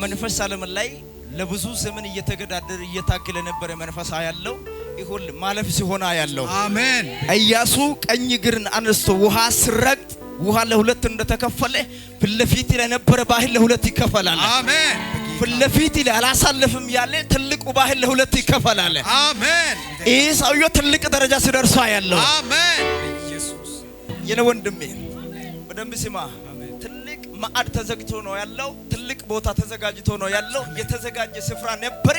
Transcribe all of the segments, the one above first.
በመንፈስ ዓለም ላይ ለብዙ ዘመን እየተገዳደረ እየታገለ ነበረ መንፈስ ያለው ይሁን ማለፍ ሲሆን ያለው አሜን። ኢያሱ ቀኝ እግርን አነስቶ ውሃ ሲረግጥ ውሃ ለሁለት እንደተከፈለ ፊት ለፊት ለነበረ ባህል ለሁለት ይከፈላል። አሜን። ፍለፊት ለፊት አላሳለፍም ያለ ትልቁ ባህል ለሁለት ይከፈላል። አሜን። ይህ ሰውዬው ትልቅ ደረጃ ሲደርሷ ያለው አሜን። ኢየሱስ የነ ወንድሜ በደንብ ስማ። ማዕድ ተዘግቶ ነው ያለው። ትልቅ ቦታ ተዘጋጅቶ ነው ያለው። የተዘጋጀ ስፍራ ነበረ።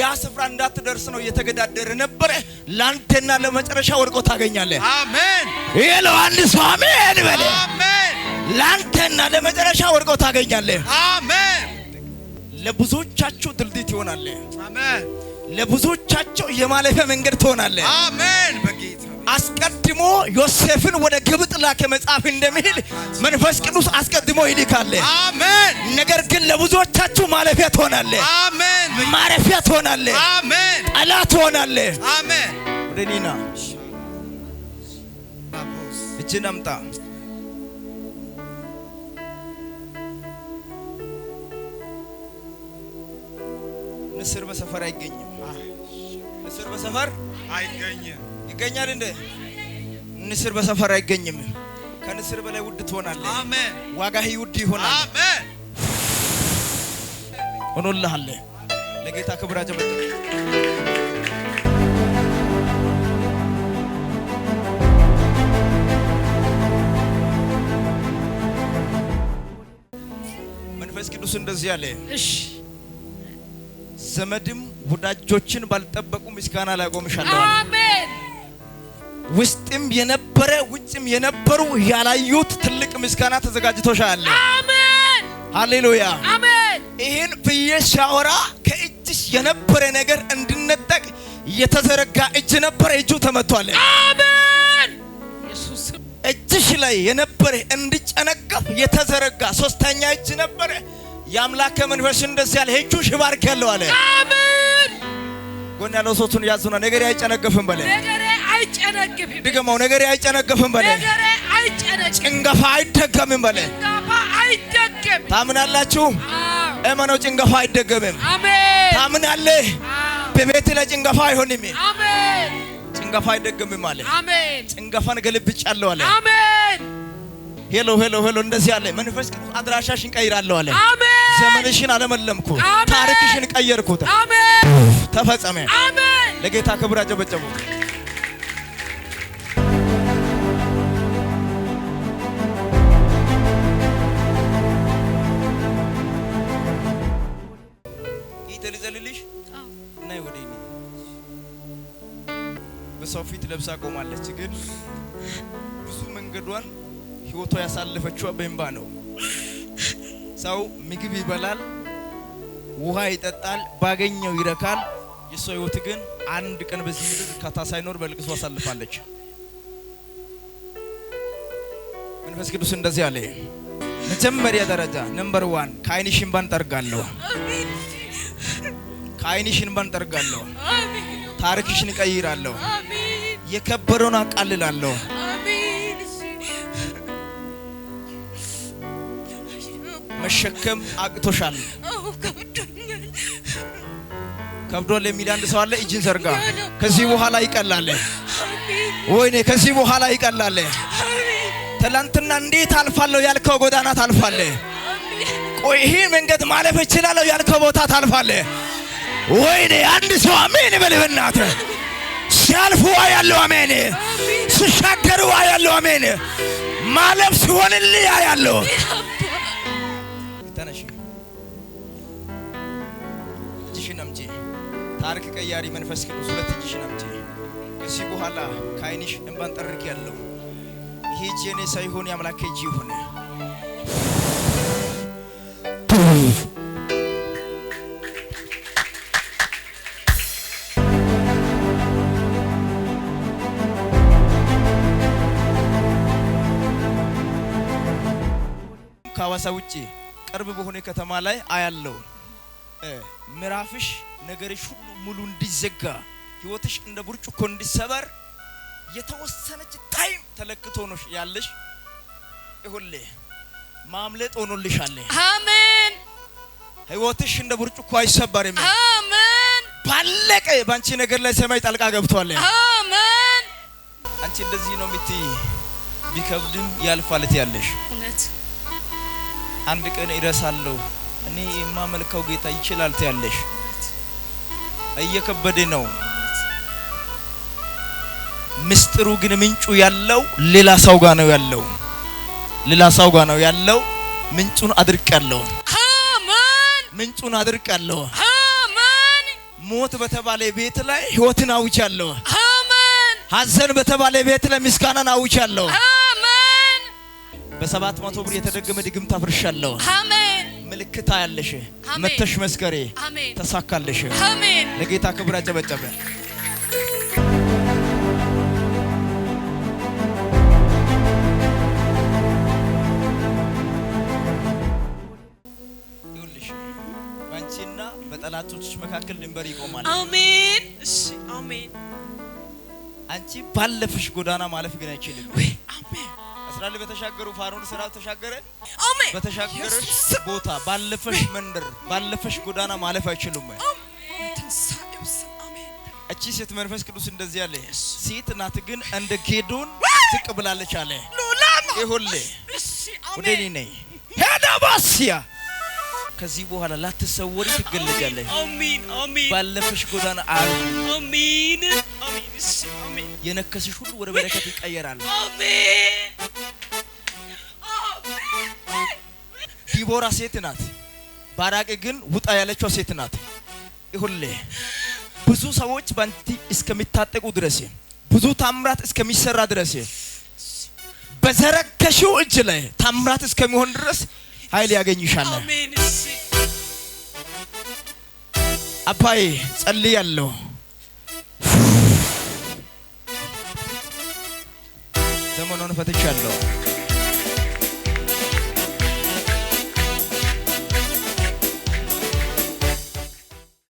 ያ ስፍራ እንዳትደርስ ነው እየተገዳደረ ነበረ። ላንተና ለመጨረሻ ወድቆ ታገኛለህ። አሜን። ይሄ አንድ ሰው አሜን በለ። አሜን። ላንተና ለመጨረሻ ወድቆ ታገኛለህ። አሜን። ለብዙዎቻችሁ ድልድይ ትሆናለህ። አሜን። ለብዙዎቻቸው የማለፊያ መንገድ ትሆናለህ። አሜን። በጌታ አስቀድሞ ዮሴፍን ወደ ግብጥ ላከ መጽሐፍ እንደሚል መንፈስ ቅዱስ አስቀድሞ ይልካል። አሜን። ነገር ግን ለብዙዎቻችሁ ማለፊያ ትሆናለ። አሜን። ማረፊያ ትሆናለ። አሜን። ጠላት ትሆናለ። አሜን። ወደ ኒና እጅን አምጣ። ንስር በሰፈር አይገኝም። ንስር በሰፈር አይገኝም። ይገኛል እንዴ? ንስር በሰፈር አይገኝም። ከንስር በላይ ውድ ትሆናለህ። አሜን። ዋጋህ ውድ ይሆናል። አሜን። ሆኖልሃል። ለጌታ ክብር አጀበጠ መንፈስ ቅዱስ እንደዚህ አለ። እሺ ዘመድም ወዳጆችን ባልጠበቁ ምስጋና ላይ ቆምሻለሁ። አሜን። ውስጥም የነበረ ውጭም የነበሩ ያላዩት ትልቅ ምስጋና ተዘጋጅቶሻል። አሜን፣ ሃሌሉያ፣ አሜን። ይህን ብዬ ሻወራ ከእጅሽ የነበረ ነገር እንድነጠቅ የተዘረጋ እጅ ነበረ፣ እጁ ተመቷል። አሜን። እጅሽ ላይ የነበረ እንድጨነቀፍ የተዘረጋ ሶስተኛ እጅ ነበረ። የአምላክ መንፈስ እንደዚህ ያለ እጁ ሽባርክ ያለው አለ። አሜን። ጎን ያለው ሶቱን ያዙና ነገር አይጨነገፍም በለ ነገር አይጨነግፍም። ድገመው። ነገሬ አይጨነግፍም በለ። ጭንገፋ አይደገምም በለ። ታምናላችሁ? እመነው። ጭንገፋ አይደገምም። ታምናለህ? በቤት ላይ ጭንገፋ አይሆንም። ጭንገፋ አይደገምም አለ። ጭንገፋን ገልብጫለሁ አለ። ሄሎ ሄሎ ሄሎ፣ እንደዚህ አለ። መንፈስ ቅዱስ አድራሻሽን ቀይራለሁ አለ። ዘመንሽን አለመለምኩ፣ ታሪክሽን ቀየርኩት። ተፈጸመ። ለጌታ ክብር አጨበጨቡት። ፊት ለብሳ ቆማለች። ግን ብዙ መንገዷን ህይወቷ ያሳለፈችዋ በእንባ ነው። ሰው ምግብ ይበላል፣ ውሃ ይጠጣል፣ ባገኘው ይረካል። የሰው ህይወት ግን አንድ ቀን በዚህ ምድር ካታ ሳይኖር በልቅሶ አሳልፋለች። መንፈስ ቅዱስ እንደዚህ አለ። መጀመሪያ ደረጃ ነምበር ዋን ከአይንሽ እንባን ጠርጋለሁ፣ ከአይንሽ እንባን ጠርጋለሁ፣ ታሪክሽን እቀይራለሁ። የከበረውን አቃልላለሁ። መሸከም አቅቶሻል፣ ከብዶል የሚል አንድ ሰው አለ። እጅን ዘርጋ። ከዚህ በኋላ ይቀላል። ወይኔ ከዚህ በኋላ ይቀላል። ትላንትና እንዴት አልፋለሁ ያልከው ጎዳና ታልፋለ ቆይ ይህን መንገድ ማለፍ እችላለሁ ያልከው ቦታ ታልፋለ ወይኔ አንድ ሰው አሜን በልብናት ሲያልፉ አያለሁ፣ አሜን። ሲሻገሩ አያለሁ፣ አሜን። ማለፍ ሲሆንልህ አያለው ታሪክ ቀያሪ መንፈስ ቅዱስ ሁለት እጅሽን አምጪ። ከዚህ በኋላ ከዓይንሽ እንባን ጠርግ ያለው ይህ እጄ እኔ ሳይሆን የአምላክ እጅ ይሁን። ከሐዋሳ ውጪ ቅርብ በሆነ ከተማ ላይ አያለው። ምዕራፍሽ ነገርሽ ሁሉ ሙሉ እንዲዘጋ ህይወትሽ እንደ ብርጭቆ እንዲሰበር የተወሰነች ታይም ተለክቶ ነው ያለሽ። ይሁሌ ማምለጥ ሆኖልሻል። አሜን። ህይወትሽ እንደ ብርጭቆ አይሰበርም። አሜን። ባለቀ ባንቺ ነገር ላይ ሰማይ ጣልቃ ገብቷል። አሜን። አንቺ እንደዚህ ነው የምትይ፣ ቢከብድም ያልፋለት ያለሽ እውነት አንድ ቀን እረሳለሁ እኔ የማመልከው ጌታ ይችላል ትያለሽ። እየከበደ ነው ምስጢሩ ግን ምንጩ ያለው ሌላ ሰው ጋር ነው ያለው፣ ሌላ ሰው ጋር ነው ያለው። ምንጩን ያለው አሜን። ምንጩን ያለው አሜን። ሞት በተባለ ቤት ላይ ህይወትን አውጭ ያለው አሜን። ሀዘን በተባለ ቤት ላይ ምስጋናን አውጃለሁ። በሰባት መቶ ብር የተደገመ ድግምት አፍርሻለሁ። አሜን። ምልክታ ያለሽ መተሽ መስከሬ ተሳካለሽ። አሜን። ለጌታ ክብር አጨበጨበ። በጠላቶች መካከል ድንበር ይቆማል። አሜን። እሺ፣ አሜን። አንቺ ባለፍሽ ጎዳና ማለፍ ግን አይችልም። እስራኤል በተሻገሩ ፋሮን ስራ ተሻገረ። በተሻገረሽ ቦታ ባለፈሽ መንደር ባለፈሽ ጎዳና ማለፍ አይችሉም። እቺ ሴት መንፈስ ቅዱስ እንደዚህ አለ፣ ሴት ናት ግን እንደ ጌዶን ትቅ ብላለች አለ። ይሁሌ ወደ እኔ ነይ ሄዳ ከዚህ በኋላ ላትሰወሪ ትገለጫለሽ። ባለፈሽ ጎዳና አሉ አሜን። የነከስሽ ሁሉ ወደ በረከት ይቀየራል። ዲቦራ ሴት ናት። ባራቅ ግን ውጣ ያለችው ሴት ናት። ሁሌ ብዙ ሰዎች ባንቲ እስከሚታጠቁ ድረስ ብዙ ታምራት እስከሚሰራ ድረስ በዘረከሽው እጅ ላይ ታምራት እስከሚሆን ድረስ ኃይል ያገኝሻል። አባይ ጸልያለሁ። ዘመኑን ፈትቻለሁ።